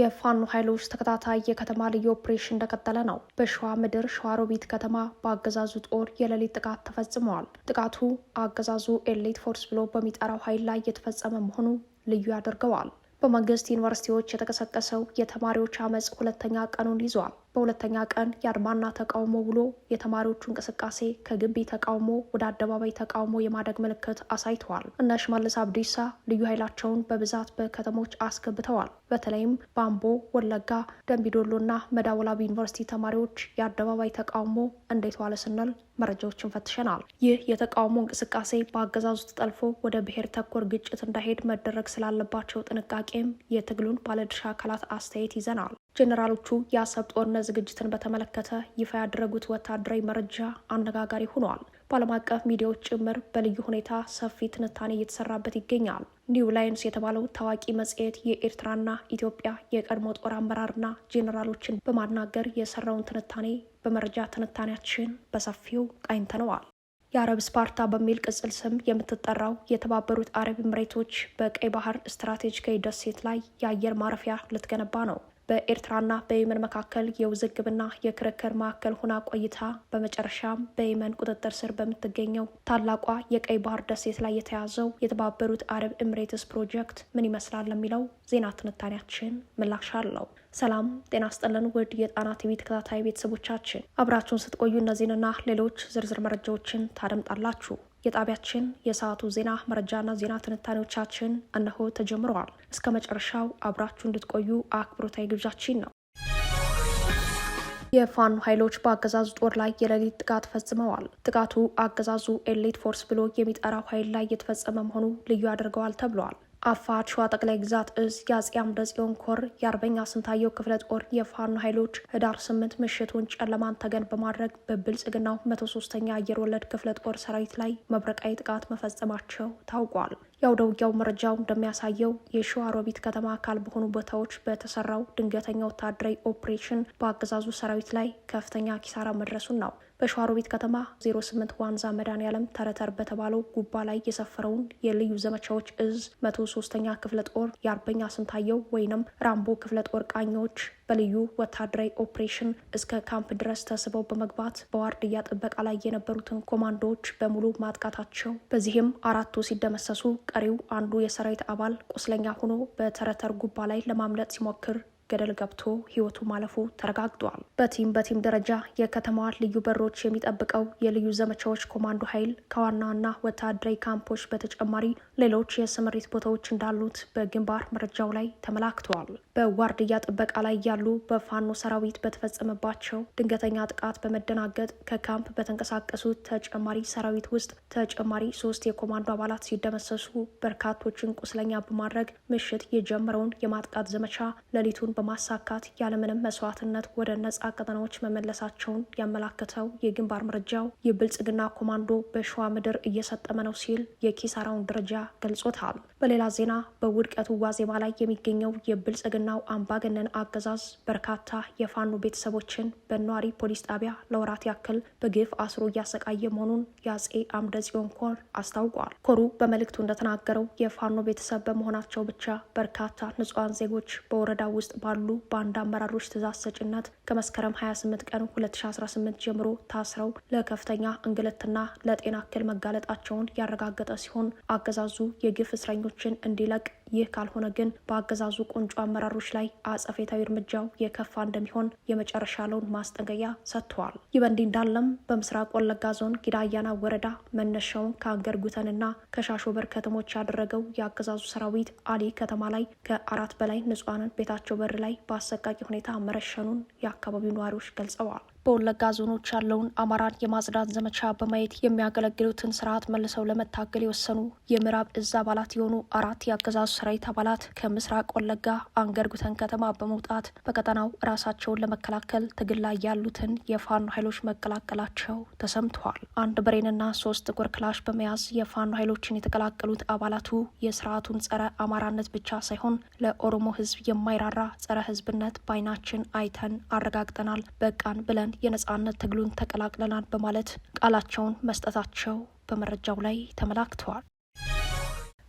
የፋኖ ኃይሎች ተከታታይ የከተማ ልዩ ኦፕሬሽን እንደቀጠለ ነው። በሸዋ ምድር ሸዋሮቢት ከተማ በአገዛዙ ጦር የሌሊት ጥቃት ተፈጽመዋል። ጥቃቱ አገዛዙ ኤሌት ፎርስ ብሎ በሚጠራው ኃይል ላይ የተፈጸመ መሆኑ ልዩ ያደርገዋል። በመንግስት ዩኒቨርሲቲዎች የተቀሰቀሰው የተማሪዎች አመፅ ሁለተኛ ቀኑን ይዟል። በሁለተኛ ቀን የአድማና ተቃውሞ ውሎ የተማሪዎቹ እንቅስቃሴ ከግቢ ተቃውሞ ወደ አደባባይ ተቃውሞ የማደግ ምልክት አሳይተዋል። እነ ሽመልስ አብዲሳ ልዩ ኃይላቸውን በብዛት በከተሞች አስገብተዋል። በተለይም ባምቦ፣ ወለጋ፣ ደንቢዶሎና መዳወላቢ ዩኒቨርሲቲ ተማሪዎች የአደባባይ ተቃውሞ እንዴት ዋለ ስንል መረጃዎችን ፈትሸናል። ይህ የተቃውሞ እንቅስቃሴ በአገዛዙ ተጠልፎ ወደ ብሔር ተኮር ግጭት እንዳይሄድ መደረግ ስላለባቸው ጥንቃቄም የትግሉን ባለድርሻ አካላት አስተያየት ይዘናል። ጄኔራሎቹ የአሰብ ጦርነት ዝግጅትን በተመለከተ ይፋ ያደረጉት ወታደራዊ መረጃ አነጋጋሪ ሆኗል። በዓለም አቀፍ ሚዲያዎች ጭምር በልዩ ሁኔታ ሰፊ ትንታኔ እየተሰራበት ይገኛል። ኒው ላይንስ የተባለው ታዋቂ መጽሔት የኤርትራና ኢትዮጵያ የቀድሞ ጦር አመራርና ጄኔራሎችን በማናገር የሰራውን ትንታኔ በመረጃ ትንታኔያችን በሰፊው ቃኝተነዋል። የአረብ ስፓርታ በሚል ቅጽል ስም የምትጠራው የተባበሩት አረብ ኤምሬቶች በቀይ ባህር ስትራቴጂካዊ ደሴት ላይ የአየር ማረፊያ ልትገነባ ነው። በኤርትራና በየመን መካከል የውዝግብና የክርክር ማዕከል ሆና ቆይታ በመጨረሻም በየመን ቁጥጥር ስር በምትገኘው ታላቋ የቀይ ባህር ደሴት ላይ የተያዘው የተባበሩት አረብ ኤምሬትስ ፕሮጀክት ምን ይመስላል ለሚለው ዜና ትንታኔያችን ምላሽ አለው። ሰላም ጤና ስጥልን ውድ የጣና ቲቪ ተከታታይ ቤተሰቦቻችን አብራችሁን ስትቆዩ እነዚህንና ሌሎች ዝርዝር መረጃዎችን ታደምጣላችሁ። የጣቢያችን የሰዓቱ ዜና መረጃና ዜና ትንታኔዎቻችን እነሆ ተጀምረዋል። እስከ መጨረሻው አብራችሁ እንድትቆዩ አክብሮታዊ ግብዣችን ነው። የፋኖ ኃይሎች በአገዛዙ ጦር ላይ የሌሊት ጥቃት ፈጽመዋል። ጥቃቱ አገዛዙ ኤሌት ፎርስ ብሎ የሚጠራው ኃይል ላይ የተፈጸመ መሆኑ ልዩ ያደርገዋል ተብለዋል። አፋር ሸዋ ጠቅላይ ግዛት እዝ የአጼ አምደ ጽዮን ኮር የአርበኛ ስንታየው ክፍለ ጦር የፋኖ ኃይሎች ህዳር ስምንት ምሽቱን ጨለማን ተገን በማድረግ በብልጽግናው መቶ ሶስተኛ አየር ወለድ ክፍለ ጦር ሰራዊት ላይ መብረቃዊ ጥቃት መፈጸማቸው ታውቋል። የአውደ ውጊያው መረጃው እንደሚያሳየው የሸዋ ሮቢት ከተማ አካል በሆኑ ቦታዎች በተሰራው ድንገተኛ ወታደራዊ ኦፕሬሽን በአገዛዙ ሰራዊት ላይ ከፍተኛ ኪሳራ መድረሱን ነው። በሸዋሮቢት ከተማ 08 ዋንዛ መድኃኔዓለም ተረተር በተባለው ጉባ ላይ የሰፈረውን የልዩ ዘመቻዎች እዝ መቶ ሶስተኛ ክፍለ ጦር የአርበኛ ስንታየው ወይንም ራምቦ ክፍለ ጦር ቃኞች በልዩ ወታደራዊ ኦፕሬሽን እስከ ካምፕ ድረስ ተስበው በመግባት በዋርድያ ጥበቃ ላይ የነበሩትን ኮማንዶዎች በሙሉ ማጥቃታቸው፣ በዚህም አራቱ ሲደመሰሱ ቀሪው አንዱ የሰራዊት አባል ቁስለኛ ሆኖ በተረተር ጉባ ላይ ለማምለጥ ሲሞክር ገደል ገብቶ ህይወቱ ማለፉ ተረጋግጧል። በቲም በቲም ደረጃ የከተማዋ ልዩ በሮች የሚጠብቀው የልዩ ዘመቻዎች ኮማንዶ ኃይል ከዋና ወታደራዊ ካምፖች በተጨማሪ ሌሎች የስምሪት ቦታዎች እንዳሉት በግንባር መረጃው ላይ ተመላክተዋል። በዋርድያ ጥበቃ ላይ ያሉ በፋኖ ሰራዊት በተፈጸመባቸው ድንገተኛ ጥቃት በመደናገጥ ከካምፕ በተንቀሳቀሱት ተጨማሪ ሰራዊት ውስጥ ተጨማሪ ሶስት የኮማንዶ አባላት ሲደመሰሱ በርካቶችን ቁስለኛ በማድረግ ምሽት የጀመረውን የማጥቃት ዘመቻ ሌሊቱን በማሳካት ያለምንም መስዋዕትነት ወደ ነጻ ቀጠናዎች መመለሳቸውን ያመላከተው የግንባር መረጃው የብልጽግና ኮማንዶ በሸዋ ምድር እየሰጠመ ነው ሲል የኪሳራውን ደረጃ ገልጾታል። በሌላ ዜና በውድቀቱ ዋዜማ ላይ የሚገኘው የብልጽግናው አምባገነን አገዛዝ በርካታ የፋኖ ቤተሰቦችን በኗሪ ፖሊስ ጣቢያ ለወራት ያክል በግፍ አስሮ እያሰቃየ መሆኑን የአጼ አምደ ጽዮን ኮር አስታውቋል። ኮሩ በመልእክቱ እንደተናገረው የፋኖ ቤተሰብ በመሆናቸው ብቻ በርካታ ንጹሐን ዜጎች በወረዳ ውስጥ ባሉ ባንድ አመራሮች ትእዛዝ ሰጭነት ከመስከረም 28 ቀን 2018 ጀምሮ ታስረው ለከፍተኛ እንግልትና ለጤና እክል መጋለጣቸውን ያረጋገጠ ሲሆን አገዛዙ የግፍ እስረኞ እስረኞችን እንዲለቅ ይህ ካልሆነ ግን በአገዛዙ ቁንጮ አመራሮች ላይ አጸፌታዊ እርምጃው የከፋ እንደሚሆን የመጨረሻ ለውን ማስጠንቀቂያ ሰጥተዋል። ይህ በእንዲህ እንዳለም በምስራቅ ወለጋ ዞን ጊዳያና ወረዳ መነሻውን ከአገር ጉተንና ከሻሾበር ከተሞች ያደረገው የአገዛዙ ሰራዊት አሊ ከተማ ላይ ከአራት በላይ ንጹሐንን ቤታቸው በር ላይ በአሰቃቂ ሁኔታ መረሸኑን የአካባቢው ነዋሪዎች ገልጸዋል። በወለጋ ዞኖች ያለውን አማራን የማጽዳት ዘመቻ በማየት የሚያገለግሉትን ስርዓት መልሰው ለመታገል የወሰኑ የምዕራብ እዝ አባላት የሆኑ አራት የአገዛዙ ሰራዊት አባላት ከምስራቅ ወለጋ አንገርጉተን ከተማ በመውጣት በቀጠናው ራሳቸውን ለመከላከል ትግል ላይ ያሉትን የፋኖ ኃይሎች መቀላቀላቸው ተሰምተዋል። አንድ ብሬንና ሶስት ጥቁር ክላሽ በመያዝ የፋኖ ኃይሎችን የተቀላቀሉት አባላቱ የስርዓቱን ጸረ አማራነት ብቻ ሳይሆን ለኦሮሞ ህዝብ የማይራራ ጸረ ህዝብነት በአይናችን አይተን አረጋግጠናል። በቃን ብለን የነጻነት ትግሉን ተቀላቅለናል በማለት ቃላቸውን መስጠታቸው በመረጃው ላይ ተመላክተዋል።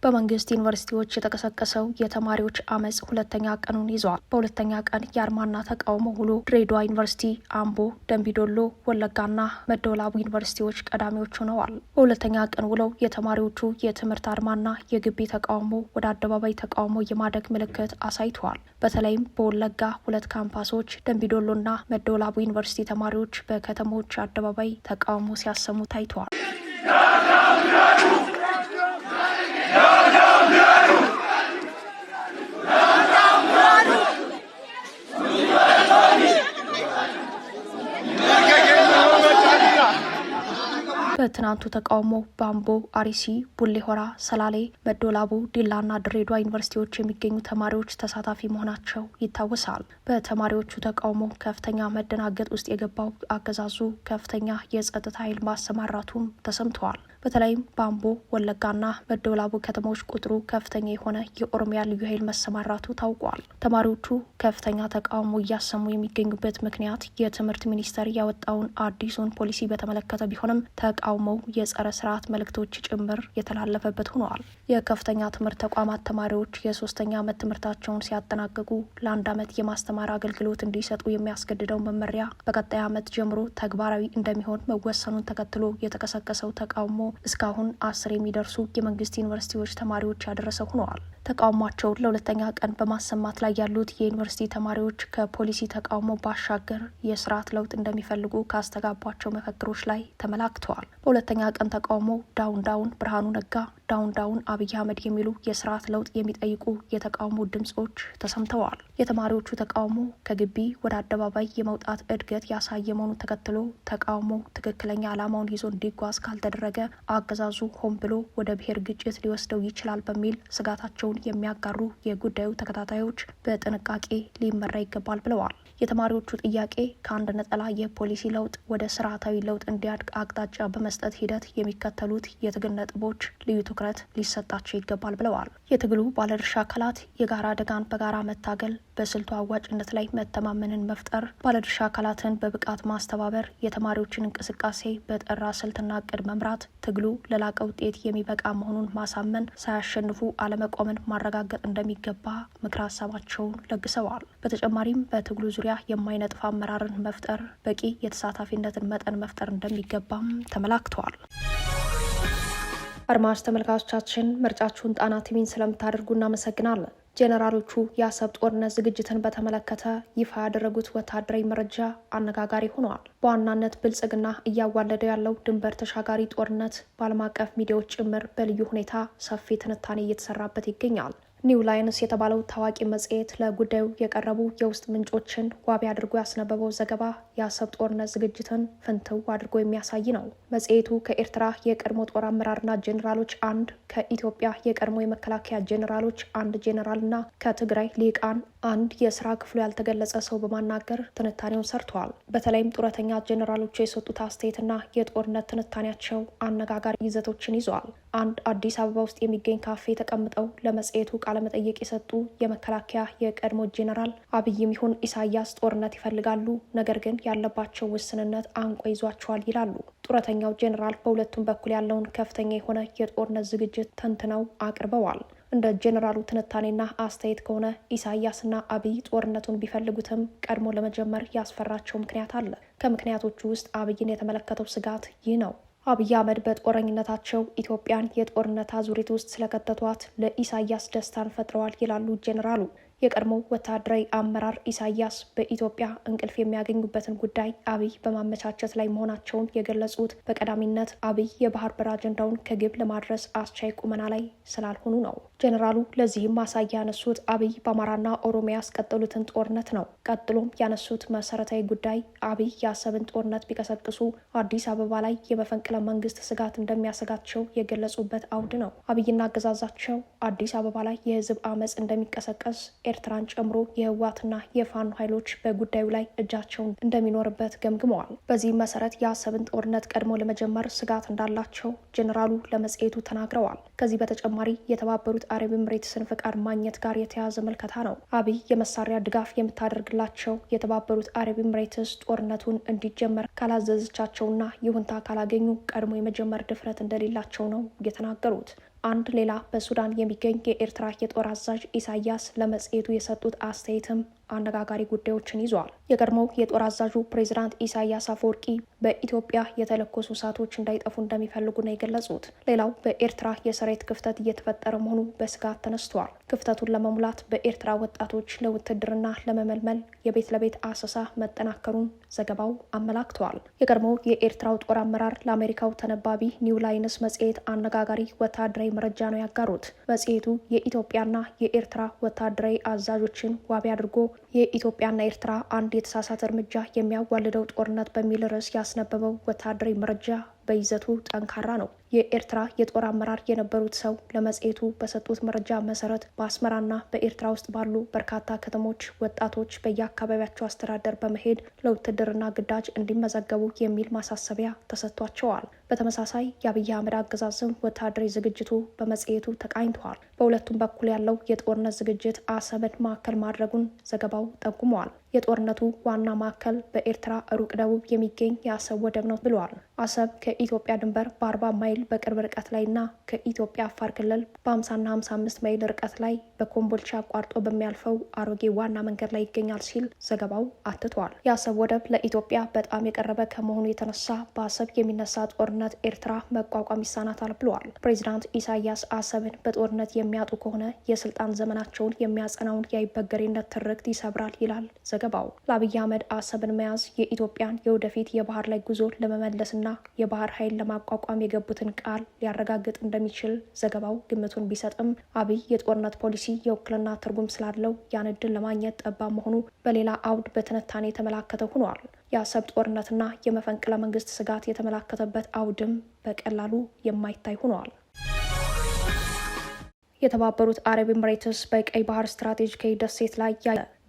በመንግስት ዩኒቨርሲቲዎች የተቀሰቀሰው የተማሪዎች አመፅ ሁለተኛ ቀኑን ይዟል። በሁለተኛ ቀን የአርማና ተቃውሞ ውሎ ድሬዳዋ ዩኒቨርሲቲ፣ አምቦ፣ ደንቢዶሎ፣ ወለጋና መደወላቡ ዩኒቨርሲቲዎች ቀዳሚዎች ሆነዋል። በሁለተኛ ቀን ውለው የተማሪዎቹ የትምህርት አርማና የግቢ ተቃውሞ ወደ አደባባይ ተቃውሞ የማደግ ምልክት አሳይተዋል። በተለይም በወለጋ ሁለት ካምፓሶች፣ ደንቢዶሎና መደወላቡ ዩኒቨርሲቲ ተማሪዎች በከተሞች አደባባይ ተቃውሞ ሲያሰሙ ታይተዋል። በትናንቱ ተቃውሞ ባምቦ፣ አሪሲ፣ ቡሌ ሆራ፣ ሰላሌ፣ መዶላቡ፣ ዲላና ድሬዷ ዩኒቨርሲቲዎች የሚገኙ ተማሪዎች ተሳታፊ መሆናቸው ይታወሳል። በተማሪዎቹ ተቃውሞ ከፍተኛ መደናገጥ ውስጥ የገባው አገዛዙ ከፍተኛ የጸጥታ ኃይል ማሰማራቱም ተሰምተዋል። በተለይም ባምቦ፣ ወለጋና መደወላቡ ከተሞች ቁጥሩ ከፍተኛ የሆነ የኦሮሚያ ልዩ ኃይል መሰማራቱ ታውቋል። ተማሪዎቹ ከፍተኛ ተቃውሞ እያሰሙ የሚገኙበት ምክንያት የትምህርት ሚኒስቴር ያወጣውን አዲሱን ፖሊሲ በተመለከተ ቢሆንም ተቃውሞው የጸረ ስርዓት መልእክቶች ጭምር የተላለፈበት ሆነዋል። የከፍተኛ ትምህርት ተቋማት ተማሪዎች የሶስተኛ ዓመት ትምህርታቸውን ሲያጠናቅቁ ለአንድ ዓመት የማስተማር አገልግሎት እንዲሰጡ የሚያስገድደው መመሪያ በቀጣይ ዓመት ጀምሮ ተግባራዊ እንደሚሆን መወሰኑን ተከትሎ የተቀሰቀሰው ተቃውሞ እስካሁን አስር የሚደርሱ የመንግስት ዩኒቨርሲቲዎች ተማሪዎች ያደረሰ ሆነዋል። ተቃውሟቸውን ለሁለተኛ ቀን በማሰማት ላይ ያሉት የዩኒቨርሲቲ ተማሪዎች ከፖሊሲ ተቃውሞ ባሻገር የስርዓት ለውጥ እንደሚፈልጉ ካስተጋቧቸው መፈክሮች ላይ ተመላክተዋል። በሁለተኛ ቀን ተቃውሞ ዳውን ዳውን ብርሃኑ ነጋ፣ ዳውን ዳውን አብይ አህመድ የሚሉ የስርዓት ለውጥ የሚጠይቁ የተቃውሞ ድምጾች ተሰምተዋል። የተማሪዎቹ ተቃውሞ ከግቢ ወደ አደባባይ የመውጣት እድገት ያሳየ መሆኑን ተከትሎ ተቃውሞ ትክክለኛ ዓላማውን ይዞ እንዲጓዝ ካልተደረገ አገዛዙ ሆን ብሎ ወደ ብሔር ግጭት ሊወስደው ይችላል በሚል ስጋታቸውን የሚያጋሩ የጉዳዩ ተከታታዮች በጥንቃቄ ሊመራ ይገባል ብለዋል። የተማሪዎቹ ጥያቄ ከአንድ ነጠላ የፖሊሲ ለውጥ ወደ ስርዓታዊ ለውጥ እንዲያድግ አቅጣጫ በመስጠት ሂደት የሚከተሉት የትግል ነጥቦች ልዩ ትኩረት ሊሰጣቸው ይገባል ብለዋል። የትግሉ ባለድርሻ አካላት የጋራ አደጋን በጋራ መታገል በስልቱ አዋጭነት ላይ መተማመንን መፍጠር፣ ባለድርሻ አካላትን በብቃት ማስተባበር፣ የተማሪዎችን እንቅስቃሴ በጠራ ስልትና እቅድ መምራት፣ ትግሉ ለላቀ ውጤት የሚበቃ መሆኑን ማሳመን፣ ሳያሸንፉ አለመቆምን ማረጋገጥ እንደሚገባ ምክረ ሀሳባቸውን ለግሰዋል። በተጨማሪም በትግሉ ዙሪያ የማይነጥፍ አመራርን መፍጠር፣ በቂ የተሳታፊነትን መጠን መፍጠር እንደሚገባም ተመላክተዋል። አድማጭ ተመልካቾቻችን ምርጫችሁን ጣና ቲቪን ስለምታደርጉ እናመሰግናለን። ጄኔራሎቹ የአሰብ ጦርነት ዝግጅትን በተመለከተ ይፋ ያደረጉት ወታደራዊ መረጃ አነጋጋሪ ሆነዋል። በዋናነት ብልጽግና እያዋለደ ያለው ድንበር ተሻጋሪ ጦርነት በዓለም አቀፍ ሚዲያዎች ጭምር በልዩ ሁኔታ ሰፊ ትንታኔ እየተሰራበት ይገኛል። ኒው ላይንስ የተባለው ታዋቂ መጽሔት ለጉዳዩ የቀረቡ የውስጥ ምንጮችን ዋቢ አድርጎ ያስነበበው ዘገባ የአሰብ ጦርነት ዝግጅትን ፍንትው አድርጎ የሚያሳይ ነው። መጽሔቱ ከኤርትራ የቀድሞ ጦር አመራርና ጄኔራሎች አንድ፣ ከኢትዮጵያ የቀድሞ የመከላከያ ጄኔራሎች አንድ ጄኔራልና ከትግራይ ሊቃን አንድ የስራ ክፍሉ ያልተገለጸ ሰው በማናገር ትንታኔውን ሰርተዋል። በተለይም ጡረተኛ ጄኔራሎቹ የሰጡት አስተያየትና የጦርነት ትንታኔያቸው አነጋጋሪ ይዘቶችን ይዘዋል። አንድ አዲስ አበባ ውስጥ የሚገኝ ካፌ ተቀምጠው ለመጽሔቱ ቃለመጠይቅ የሰጡ የመከላከያ የቀድሞ ጄኔራል አብይም ይሁን ኢሳያስ ጦርነት ይፈልጋሉ፣ ነገር ግን ያለባቸው ውስንነት አንቆ ይዟቸዋል ይላሉ። ጡረተኛው ጄኔራል በሁለቱም በኩል ያለውን ከፍተኛ የሆነ የጦርነት ዝግጅት ተንትነው አቅርበዋል። እንደ ጄኔራሉ ትንታኔና አስተያየት ከሆነ ኢሳያስና አብይ ጦርነቱን ቢፈልጉትም ቀድሞ ለመጀመር ያስፈራቸው ምክንያት አለ። ከምክንያቶቹ ውስጥ አብይን የተመለከተው ስጋት ይህ ነው። አብይ አህመድ በጦረኝነታቸው ኢትዮጵያን የጦርነት አዙሪት ውስጥ ስለከተቷት ለኢሳያስ ደስታን ፈጥረዋል ይላሉ ጄኔራሉ። የቀድሞ ወታደራዊ አመራር ኢሳያስ በኢትዮጵያ እንቅልፍ የሚያገኙበትን ጉዳይ አብይ በማመቻቸት ላይ መሆናቸውን የገለጹት በቀዳሚነት አብይ የባህር በር አጀንዳውን ከግብ ለማድረስ አስቻይ ቁመና ላይ ስላልሆኑ ነው። ጀኔራሉ ለዚህም ማሳያ ያነሱት አብይ በአማራና ኦሮሚያ ያስቀጠሉትን ጦርነት ነው። ቀጥሎም ያነሱት መሰረታዊ ጉዳይ አብይ የአሰብን ጦርነት ቢቀሰቅሱ አዲስ አበባ ላይ የመፈንቅለ መንግስት ስጋት እንደሚያሰጋቸው የገለጹበት አውድ ነው። አብይና አገዛዛቸው አዲስ አበባ ላይ የህዝብ አመፅ እንደሚቀሰቀስ ኤርትራን ጨምሮ የህወሓትና የፋኖ ኃይሎች በጉዳዩ ላይ እጃቸውን እንደሚኖርበት ገምግመዋል። በዚህ መሰረት የአሰብን ጦርነት ቀድሞ ለመጀመር ስጋት እንዳላቸው ጄኔራሉ ለመጽሔቱ ተናግረዋል። ከዚህ በተጨማሪ የተባበሩት አረብ ኤምሬትስን ፍቃድ ማግኘት ጋር የተያያዘ ምልከታ ነው። አብይ የመሳሪያ ድጋፍ የምታደርግላቸው የተባበሩት አረብ ኤምሬትስ ጦርነቱን እንዲጀመር ካላዘዘቻቸውና ይሁንታ ካላገኙ ቀድሞ የመጀመር ድፍረት እንደሌላቸው ነው የተናገሩት። አንድ ሌላ በሱዳን የሚገኝ የኤርትራ የጦር አዛዥ ኢሳያስ ለመጽሔቱ የሰጡት አስተያየትም አነጋጋሪ ጉዳዮችን ይዟል። የቀድሞው የጦር አዛዡ ፕሬዚዳንት ኢሳያስ አፈወርቂ በኢትዮጵያ የተለኮሱ እሳቶች እንዳይጠፉ እንደሚፈልጉ ነው የገለጹት። ሌላው በኤርትራ የሰራዊት ክፍተት እየተፈጠረ መሆኑ በስጋት ተነስተዋል። ክፍተቱን ለመሙላት በኤርትራ ወጣቶች ለውትድርና ለመመልመል የቤት ለቤት አሰሳ መጠናከሩን ዘገባው አመላክተዋል። የቀድሞው የኤርትራው ጦር አመራር ለአሜሪካው ተነባቢ ኒው ላይንስ መጽሔት አነጋጋሪ ወታደራዊ መረጃ ነው ያጋሩት። መጽሔቱ የኢትዮጵያና የኤርትራ ወታደራዊ አዛዦችን ዋቢ አድርጎ የኢትዮጵያና ኤርትራ አንድ የተሳሳተ እርምጃ የሚያዋልደው ጦርነት በሚል ርዕስ ያስነበበው ወታደራዊ መረጃ በይዘቱ ጠንካራ ነው። የኤርትራ የጦር አመራር የነበሩት ሰው ለመጽሔቱ በሰጡት መረጃ መሰረት በአስመራና በኤርትራ ውስጥ ባሉ በርካታ ከተሞች ወጣቶች በየአካባቢያቸው አስተዳደር በመሄድ ለውትድርና ግዳጅ እንዲመዘገቡ የሚል ማሳሰቢያ ተሰጥቷቸዋል። በተመሳሳይ የአብይ አህመድ አገዛዝም ወታደራዊ ዝግጅቱ በመጽሔቱ ተቃኝተዋል። በሁለቱም በኩል ያለው የጦርነት ዝግጅት አሰብን ማዕከል ማድረጉን ዘገባው ጠቁመዋል። የጦርነቱ ዋና ማዕከል በኤርትራ ሩቅ ደቡብ የሚገኝ የአሰብ ወደብ ነው ብለዋል። አሰብ ከኢትዮጵያ ድንበር በአርባ ማይል ኃይል በቅርብ ርቀት ላይና ከኢትዮጵያ አፋር ክልል በ50ና 55 ማይል ርቀት ላይ በኮምቦልቻ አቋርጦ በሚያልፈው አሮጌ ዋና መንገድ ላይ ይገኛል ሲል ዘገባው አትቷል። የአሰብ ወደብ ለኢትዮጵያ በጣም የቀረበ ከመሆኑ የተነሳ በአሰብ የሚነሳ ጦርነት ኤርትራ መቋቋም ይሳናታል ብለዋል። ፕሬዚዳንት ኢሳያስ አሰብን በጦርነት የሚያጡ ከሆነ የስልጣን ዘመናቸውን የሚያጸናውን የአይበገሬነት ትርክት ይሰብራል ይላል ዘገባው። ለአብይ አህመድ አሰብን መያዝ የኢትዮጵያን የወደፊት የባህር ላይ ጉዞ ለመመለስና የባህር ኃይል ለማቋቋም የገቡትን የሰጡትን ቃል ሊያረጋግጥ እንደሚችል ዘገባው ግምቱን ቢሰጥም አብይ የጦርነት ፖሊሲ የውክልና ትርጉም ስላለው ያን እድል ለማግኘት ጠባብ መሆኑ በሌላ አውድ በትንታኔ የተመላከተ ሆኗል። የአሰብ ጦርነትና የመፈንቅለ መንግስት ስጋት የተመላከተበት አውድም በቀላሉ የማይታይ ሆኗል። የተባበሩት አረብ ኤምሬትስ በቀይ ባህር ስትራቴጂካዊ ደሴት ላይ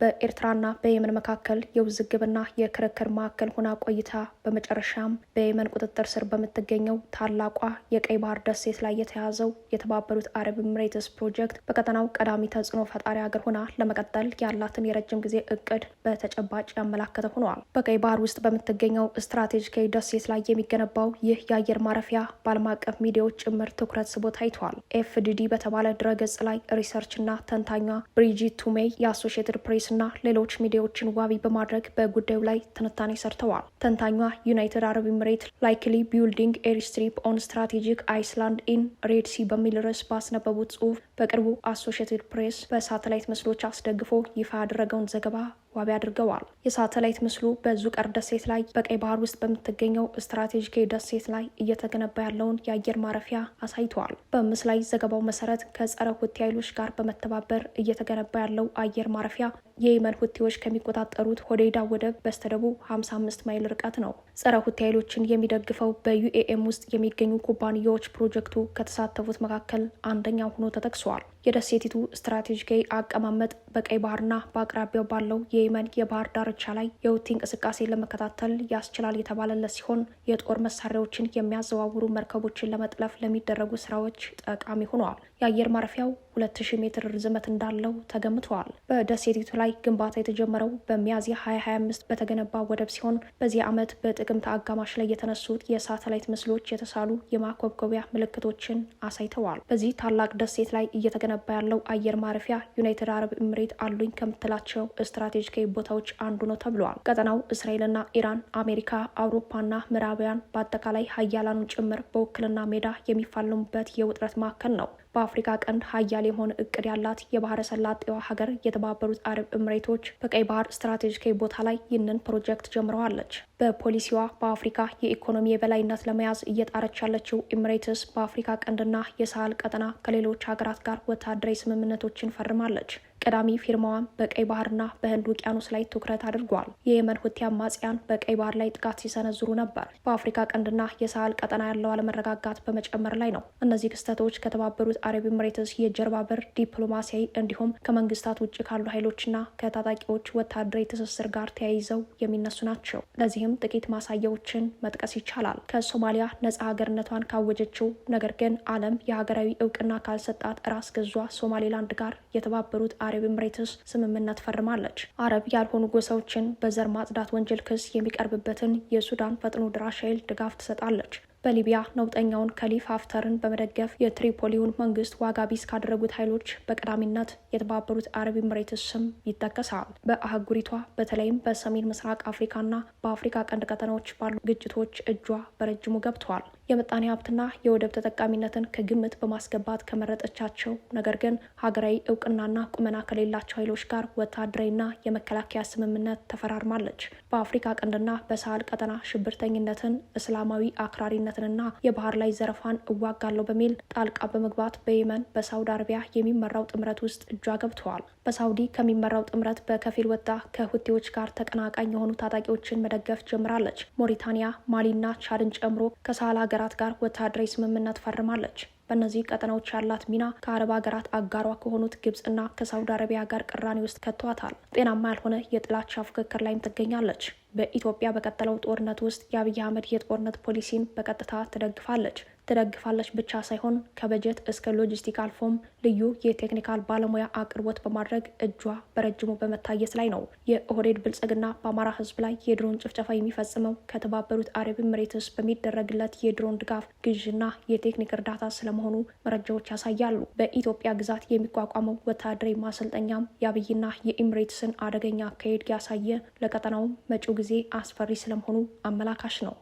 በኤርትራና በየመን መካከል የውዝግብና የክርክር ማዕከል ሆና ቆይታ በመጨረሻም በየመን ቁጥጥር ስር በምትገኘው ታላቋ የቀይ ባህር ደሴት ላይ የተያዘው የተባበሩት አረብ ኤምሬትስ ፕሮጀክት በቀጠናው ቀዳሚ ተጽዕኖ ፈጣሪ ሀገር ሆና ለመቀጠል ያላትን የረጅም ጊዜ እቅድ በተጨባጭ ያመላከተ ሆኗል። በቀይ ባህር ውስጥ በምትገኘው ስትራቴጂካዊ ደሴት ላይ የሚገነባው ይህ የአየር ማረፊያ በዓለም አቀፍ ሚዲያዎች ጭምር ትኩረት ስቦ ታይቷል። ኤፍዲዲ በተባለ ድረገጽ ላይ ሪሰርችና ተንታኟ ብሪጂት ቱሜይ የአሶሽትድ ፕሬስ ና ሌሎች ሚዲያዎችን ዋቢ በማድረግ በጉዳዩ ላይ ትንታኔ ሰርተዋል። ተንታኟ ዩናይትድ አረብ ኤምሬት ላይክሊ ቢልዲንግ ኤርስትሪፕ ኦን ስትራቴጂክ አይስላንድ ኢን ሬድ ሲ በሚል ርዕስ ባስነበቡት ጽሁፍ በቅርቡ አሶሽትድ ፕሬስ በሳተላይት ምስሎች አስደግፎ ይፋ ያደረገውን ዘገባ ዋቢ አድርገዋል። የሳተላይት ምስሉ በዙቀር ደሴት ላይ በቀይ ባህር ውስጥ በምትገኘው ስትራቴጂካዊ ደሴት ላይ እየተገነባ ያለውን የአየር ማረፊያ አሳይተዋል። በምስሉ ላይ ዘገባው መሰረት ከጸረ ሁቲ ኃይሎች ጋር በመተባበር እየተገነባ ያለው አየር ማረፊያ የየመን ሁቲዎች ከሚቆጣጠሩት ሆዴዳ ወደብ በስተደቡብ 55 ማይል ርቀት ነው። ጸረ ሁቲ ኃይሎችን የሚደግፈው በዩኤኤም ውስጥ የሚገኙ ኩባንያዎች ፕሮጀክቱ ከተሳተፉት መካከል አንደኛው ሆኖ ተጠቅሷል። የደሴቲቱ ስትራቴጂካዊ አቀማመጥ በቀይ ባህርና በአቅራቢያው ባለው የ የየመን የባህር ዳርቻ ላይ የውቲ እንቅስቃሴ ለመከታተል ያስችላል የተባለለት ሲሆን የጦር መሳሪያዎችን የሚያዘዋውሩ መርከቦችን ለመጥለፍ ለሚደረጉ ስራዎች ጠቃሚ ሆነዋል። የአየር ማረፊያው 2000 ሜትር ርዝመት እንዳለው ተገምተዋል። በደሴቲቱ ላይ ግንባታ የተጀመረው በሚያዝያ 2025 በተገነባ ወደብ ሲሆን በዚህ ዓመት በጥቅምት አጋማሽ ላይ የተነሱት የሳተላይት ምስሎች የተሳሉ የማኮብኮቢያ ምልክቶችን አሳይተዋል። በዚህ ታላቅ ደሴት ላይ እየተገነባ ያለው አየር ማረፊያ ዩናይትድ አረብ ኤምሬት አሉኝ ከምትላቸው ስትራቴጂካዊ ቦታዎች አንዱ ነው ተብለዋል። ቀጠናው እስራኤልና ኢራን፣ አሜሪካ፣ አውሮፓና ምዕራባውያን በአጠቃላይ ሀያላኑ ጭምር በውክልና ሜዳ የሚፋለሙበት የውጥረት ማዕከል ነው። በአፍሪካ ቀንድ ሀያል የሆነ እቅድ ያላት የባህረ ሰላጤዋ ሀገር የተባበሩት አረብ እምሬቶች በቀይ ባህር ስትራቴጂካዊ ቦታ ላይ ይህንን ፕሮጀክት ጀምረዋለች። በፖሊሲዋ በአፍሪካ የኢኮኖሚ የበላይነት ለመያዝ እየጣረች ያለችው ኢምሬትስ በአፍሪካ ቀንድና የሳህል ቀጠና ከሌሎች ሀገራት ጋር ወታደራዊ ስምምነቶችን ፈርማለች። ቀዳሚ ፊርማዋን በቀይ ባህርና በህንድ ውቅያኖስ ላይ ትኩረት አድርጓል። የየመን ሁቲ አማጽያን በቀይ ባህር ላይ ጥቃት ሲሰነዝሩ ነበር። በአፍሪካ ቀንድና የሳህል ቀጠና ያለው አለመረጋጋት በመጨመር ላይ ነው። እነዚህ ክስተቶች ከተባበሩት አረብ ኤምሬትስ የጀርባ በር ዲፕሎማሲያዊ እንዲሁም ከመንግስታት ውጭ ካሉ ኃይሎችና ከታጣቂዎች ወታደራዊ ትስስር ጋር ተያይዘው የሚነሱ ናቸው። ለዚህም ጥቂት ማሳያዎችን መጥቀስ ይቻላል። ከሶማሊያ ነጻ ሀገርነቷን ካወጀችው ነገር ግን ዓለም የሀገራዊ እውቅና ካልሰጣት ራስ ገዟ ሶማሌላንድ ጋር የተባበሩት አረብ ኤምሬትስ ስምምነት ፈርማለች። አረብ ያልሆኑ ጎሳዎችን በዘር ማጽዳት ወንጀል ክስ የሚቀርብበትን የሱዳን ፈጥኖ ድራሽ ኃይል ድጋፍ ትሰጣለች። በሊቢያ ነውጠኛውን ከሊፍ ሀፍተርን በመደገፍ የትሪፖሊውን መንግስት ዋጋ ቢስ ካደረጉት ኃይሎች በቀዳሚነት የተባበሩት አረብ ኤምሬትስ ስም ይጠቀሳል። በአህጉሪቷ በተለይም በሰሜን ምስራቅ አፍሪካና በአፍሪካ ቀንድ ቀጠናዎች ባሉ ግጭቶች እጇ በረጅሙ ገብቷል። የምጣኔ ሀብትና የወደብ ተጠቃሚነትን ከግምት በማስገባት ከመረጠቻቸው ነገር ግን ሀገራዊ እውቅናና ቁመና ከሌላቸው ኃይሎች ጋር ወታደራዊና የመከላከያ ስምምነት ተፈራርማለች። በአፍሪካ ቀንድና በሳህል ቀጠና ሽብርተኝነትን፣ እስላማዊ አክራሪነትንና የባህር ላይ ዘረፋን እዋጋለሁ በሚል ጣልቃ በመግባት በየመን በሳውዲ አረቢያ የሚመራው ጥምረት ውስጥ እጇ ገብተዋል። በሳውዲ ከሚመራው ጥምረት በከፊል ወጣ ከሁቴዎች ጋር ተቀናቃኝ የሆኑ ታጣቂዎችን መደገፍ ጀምራለች። ሞሪታንያ፣ ማሊና ቻድን ጨምሮ ከሳህል ሀገር ሀገራት ጋር ወታደራዊ ስምምነት ፈርማለች። በእነዚህ ቀጠናዎች ያላት ሚና ከአረብ ሀገራት አጋሯ ከሆኑት እና ከሳውዲ አረቢያ ጋር ቅራኔ ውስጥ ከቷታል። ጤናማ ያልሆነ የጥላቻ ፉክክር ላይም ትገኛለች። በኢትዮጵያ በቀጠለው ጦርነት ውስጥ የአብይ አህመድ የጦርነት ፖሊሲን በቀጥታ ትደግፋለች። ትደግፋለች ብቻ ሳይሆን ከበጀት እስከ ሎጂስቲክ አልፎም ልዩ የቴክኒካል ባለሙያ አቅርቦት በማድረግ እጇ በረጅሙ በመታየት ላይ ነው። የኦህዴድ ብልጽግና በአማራ ሕዝብ ላይ የድሮን ጭፍጨፋ የሚፈጽመው ከተባበሩት አረብ ኤሚሬትስ በሚደረግለት የድሮን ድጋፍ ግዥና የቴክኒክ እርዳታ ስለመሆኑ መረጃዎች ያሳያሉ። በኢትዮጵያ ግዛት የሚቋቋመው ወታደራዊ ማሰልጠኛም የአብይና የኤሚሬትስን አደገኛ አካሄድ ያሳየ ለቀጠናውም መጪው ጊዜ አስፈሪ ስለመሆኑ አመላካሽ ነው።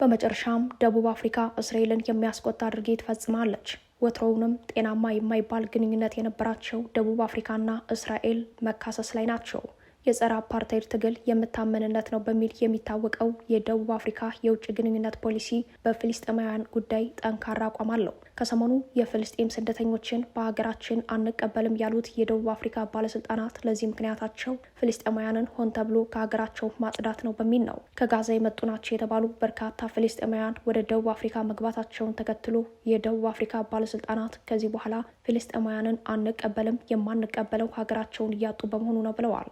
በመጨረሻም ደቡብ አፍሪካ እስራኤልን የሚያስቆጣ ድርጊት ፈጽማለች። ወትሮውንም ጤናማ የማይባል ግንኙነት የነበራቸው ደቡብ አፍሪካና እስራኤል መካሰስ ላይ ናቸው። የጸረ አፓርታይድ ትግል የምታመንነት ነው በሚል የሚታወቀው የደቡብ አፍሪካ የውጭ ግንኙነት ፖሊሲ በፍልስጤማውያን ጉዳይ ጠንካራ አቋም አለው። ከሰሞኑ የፍልስጤም ስደተኞችን በሀገራችን አንቀበልም ያሉት የደቡብ አፍሪካ ባለስልጣናት ለዚህ ምክንያታቸው ፍልስጤማውያንን ሆን ተብሎ ከሀገራቸው ማጽዳት ነው በሚል ነው። ከጋዛ የመጡ ናቸው የተባሉ በርካታ ፍልስጤማውያን ወደ ደቡብ አፍሪካ መግባታቸውን ተከትሎ የደቡብ አፍሪካ ባለስልጣናት ከዚህ በኋላ ፍልስጤማውያንን አንቀበልም፣ የማንቀበለው ሀገራቸውን እያጡ በመሆኑ ነው ብለዋል።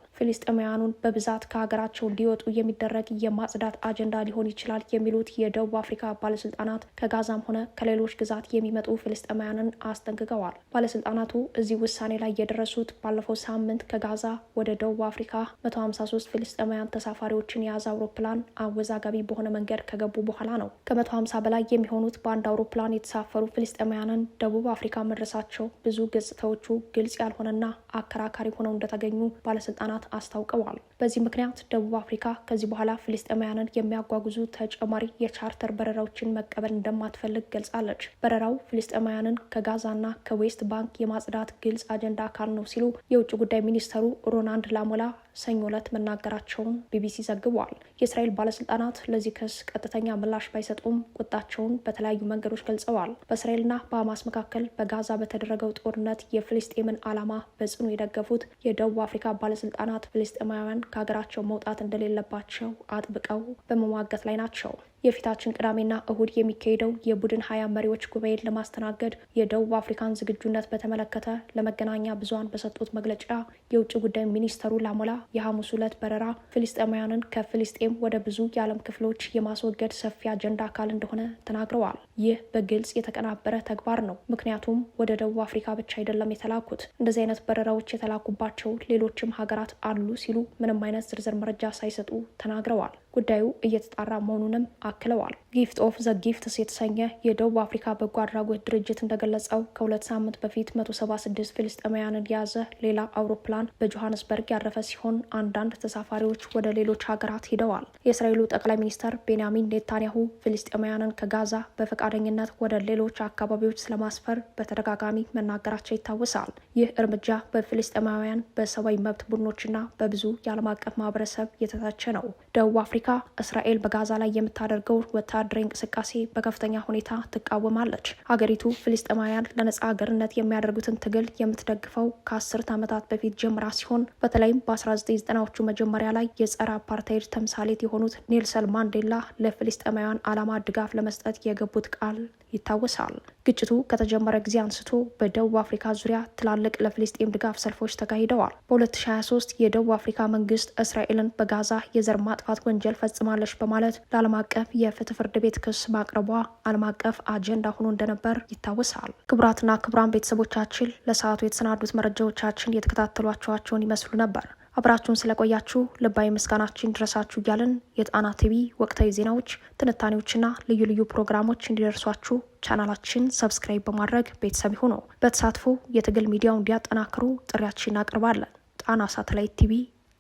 ፍልስጤማውያኑን በብዛት ከሀገራቸው እንዲወጡ የሚደረግ የማጽዳት አጀንዳ ሊሆን ይችላል የሚሉት የደቡብ አፍሪካ ባለስልጣናት ከጋዛም ሆነ ከሌሎች ግዛት የሚመጡ ፍልስጤማውያንን አስጠንቅቀዋል። ባለስልጣናቱ እዚህ ውሳኔ ላይ የደረሱት ባለፈው ሳምንት ከጋዛ ወደ ደቡብ አፍሪካ 153 ፍልስጤማውያን ተሳፋሪዎችን የያዘ አውሮፕላን አወዛጋቢ በሆነ መንገድ ከገቡ በኋላ ነው። ከ150 በላይ የሚሆኑት በአንድ አውሮፕላን የተሳፈሩ ፍልስጤማውያንን ደቡብ አፍሪካ መድረሳቸው ብዙ ገጽታዎቹ ግልጽ ያልሆነና አከራካሪ ሆነው እንደተገኙ ባለስልጣናት አስታውቀዋል። በዚህ ምክንያት ደቡብ አፍሪካ ከዚህ በኋላ ፍልስጤማውያንን የሚያጓጉዙ ተጨማሪ የቻርተር በረራዎችን መቀበል እንደማትፈልግ ገልጻለች። በረራው ፍልስጤማውያንን ከጋዛና ከዌስት ባንክ የማጽዳት ግልጽ አጀንዳ አካል ነው ሲሉ የውጭ ጉዳይ ሚኒስተሩ ሮናልድ ላሞላ ሰኞ ዕለት መናገራቸውን ቢቢሲ ዘግቧል። የእስራኤል ባለስልጣናት ለዚህ ክስ ቀጥተኛ ምላሽ ባይሰጡም ቁጣቸውን በተለያዩ መንገዶች ገልጸዋል። በእስራኤልና በሐማስ መካከል በጋዛ በተደረገው ጦርነት የፍልስጤምን ዓላማ በጽኑ የደገፉት የደቡብ አፍሪካ ባለስልጣናት ፍልስጤማውያን ከሀገራቸው መውጣት እንደሌለባቸው አጥብቀው በመሟገት ላይ ናቸው። የፊታችን ቅዳሜና እሁድ የሚካሄደው የቡድን ሀያ መሪዎች ጉባኤን ለማስተናገድ የደቡብ አፍሪካን ዝግጁነት በተመለከተ ለመገናኛ ብዙሀን በሰጡት መግለጫ የውጭ ጉዳይ ሚኒስተሩ ላሞላ የሐሙስ ዕለት በረራ ፍልስጤማውያንን ከፍልስጤም ወደ ብዙ የዓለም ክፍሎች የማስወገድ ሰፊ አጀንዳ አካል እንደሆነ ተናግረዋል። ይህ በግልጽ የተቀናበረ ተግባር ነው፣ ምክንያቱም ወደ ደቡብ አፍሪካ ብቻ አይደለም የተላኩት፣ እንደዚህ አይነት በረራዎች የተላኩባቸው ሌሎችም ሀገራት አሉ ሲሉ ምንም አይነት ዝርዝር መረጃ ሳይሰጡ ተናግረዋል። ጉዳዩ እየተጣራ መሆኑንም አክለዋል። ጊፍት ኦፍ ዘ ጊፍትስ የተሰኘ የደቡብ አፍሪካ በጎ አድራጎት ድርጅት እንደገለጸው ከሁለት ሳምንት በፊት 176 ፍልስጤማውያንን የያዘ ሌላ አውሮፕላን በጆሃንስበርግ ያረፈ ሲሆን አንዳንድ ተሳፋሪዎች ወደ ሌሎች ሀገራት ሂደዋል። የእስራኤሉ ጠቅላይ ሚኒስተር ቤንያሚን ኔታንያሁ ፍልስጤማውያንን ከጋዛ በፈቃደኝነት ወደ ሌሎች አካባቢዎች ስለማስፈር በተደጋጋሚ መናገራቸው ይታወሳል። ይህ እርምጃ በፍልስጤማውያን በሰብአዊ መብት ቡድኖችና በብዙ የዓለም አቀፍ ማህበረሰብ የተተቸ ነው። ደቡብ አፍሪካ እስራኤል በጋዛ ላይ የምታደርገው ወታደራዊ እንቅስቃሴ በከፍተኛ ሁኔታ ትቃወማለች። ሀገሪቱ ፍልስጤማውያን ለነጻ ሀገርነት የሚያደርጉትን ትግል የምትደግፈው ከአስርት ዓመታት በፊት ጀምራ ሲሆን በተለይም በ1990ዎቹ መጀመሪያ ላይ የጸረ አፓርታይድ ተምሳሌት የሆኑት ኔልሰን ማንዴላ ለፍልስጤማውያን ዓላማ ድጋፍ ለመስጠት የገቡት ቃል ይታወሳል። ግጭቱ ከተጀመረ ጊዜ አንስቶ በደቡብ አፍሪካ ዙሪያ ትላልቅ ለፍልስጤም ድጋፍ ሰልፎች ተካሂደዋል። በ2023 የደቡብ አፍሪካ መንግስት እስራኤልን በጋዛ የዘር ማጥፋት ወንጀል ፈጽማለች በማለት ለዓለም አቀፍ የፍትህ ፍርድ ቤት ክስ ማቅረቧ ዓለም አቀፍ አጀንዳ ሆኖ እንደነበር ይታወሳል። ክቡራትና ክቡራን ቤተሰቦቻችን ለሰዓቱ የተሰናዱት መረጃዎቻችን የተከታተሏቸዋቸውን ይመስሉ ነበር። አብራችሁን ስለቆያችሁ ልባዊ ምስጋናችን ድረሳችሁ እያለን የጣና ቲቪ ወቅታዊ ዜናዎች፣ ትንታኔዎችና ልዩ ልዩ ፕሮግራሞች እንዲደርሷችሁ ቻናላችን ሰብስክራይብ በማድረግ ቤተሰብ ሆነው በተሳትፎ የትግል ሚዲያውን እንዲያጠናክሩ ጥሪያችን እናቀርባለን። ጣና ሳተላይት ቲቪ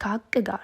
ከሀቅ ጋር